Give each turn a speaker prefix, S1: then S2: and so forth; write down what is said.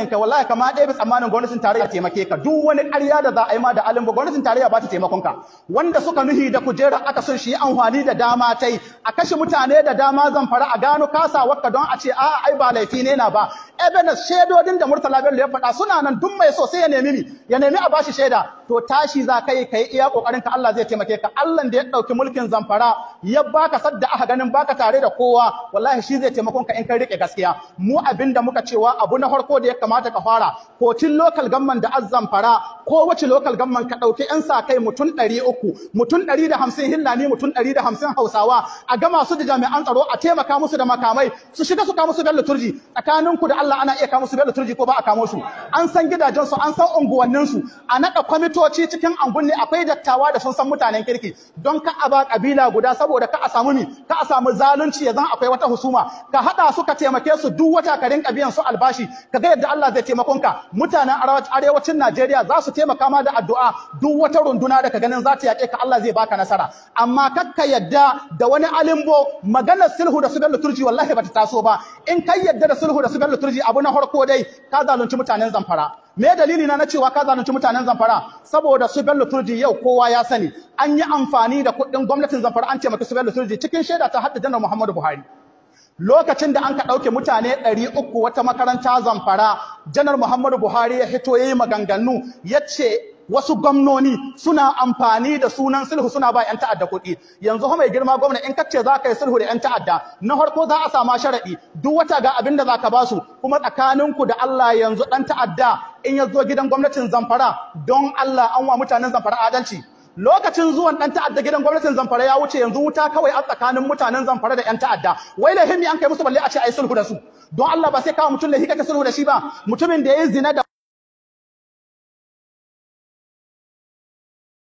S1: aikin ka wallahi kama ɗaya bi tsammanin gwamnatin tarayya taimake ka duk wani ƙarya da za a yi ma da alin ba gwamnatin tarayya ba ta taimakon ka wanda suka nuhi da kujera aka son shi amfani da dama tai a kashe mutane da dama zan fara a gano kasawarka don a ce a'a ai ba laifi ne na ba evidence shaidodin da Murtala Bello ya faɗa suna nan duk mai so sai ya nemi mi ya nemi a bashi shaida to tashi za ka yi kai iya kokarin ka Allah zai taimake ka Allah da ya dauki mulkin zamfara ya baka sadda aka ganin baka tare da kowa wallahi shi zai taimakon ka in ka rike gaskiya mu abinda muka cewa abu na farko da ya kamata ka fara kocin local gamman da azzamfara ko wace local gamman ka dauki yan sa kai mutum 300 mutum 150 hillani mutum 150 hausawa a gama su da jami'an tsaro a taimaka musu da makamai su shiga su ka musu bello turji tsakaninku da Allah Allah ana iya kama su da turji ko ba a kama su an san gidajen su an san unguwannin su a naka kwamitoci cikin angunni akwai dattawa da sun san mutanen kirki don ka aba kabila guda saboda ka a samu mi ka a samu zalunci ya akwai wata husuma ka hada su ka taimake su duk wata ka rinka biyan su albashi ka ga yadda Allah zai taimakon ka mutanen arewacin Najeriya za su taimaka ma da addu'a duk wata runduna da ka ganin za ta yaƙe ka Allah zai baka nasara amma kakka yadda da wani alimbo maganar sulhu da su Bello Turji wallahi bata taso ba in kai yadda da sulhu da su Bello Turji dalili abu na farko dai ka zalunci mutanen zamfara me dalili na na cewa ka zalunci mutanen zamfara saboda su bello turji yau kowa ya sani an yi amfani da kuɗin gwamnatin zamfara an taimaki su bello turji cikin shaida ta hadda janar muhammadu buhari lokacin da an ka ɗauke mutane ɗari uku wata makaranta zamfara janar muhammadu buhari ya hito ya yi maganganu ya ce wasu gwamnoni suna amfani da sunan sulhu suna ba yan ta'adda kuɗi yanzu ho mai girma gwamna in kace za ka yi sulhu da yan ta'adda na harko za a sama sharadi duk wata ga abin da za ka ba su kuma tsakaninku da Allah yanzu dan ta'adda in ya zo gidan gwamnatin Zamfara don Allah an wa mutanen Zamfara adalci lokacin zuwan dan ta'adda gidan gwamnatin Zamfara ya wuce yanzu wuta kawai a tsakanin mutanen Zamfara da yan ta'adda wai lahimi an kai musu balle a ce ai sulhu da su don Allah ba sai kawo mutum lahi kake sulhu da shi ba mutumin da yi zina da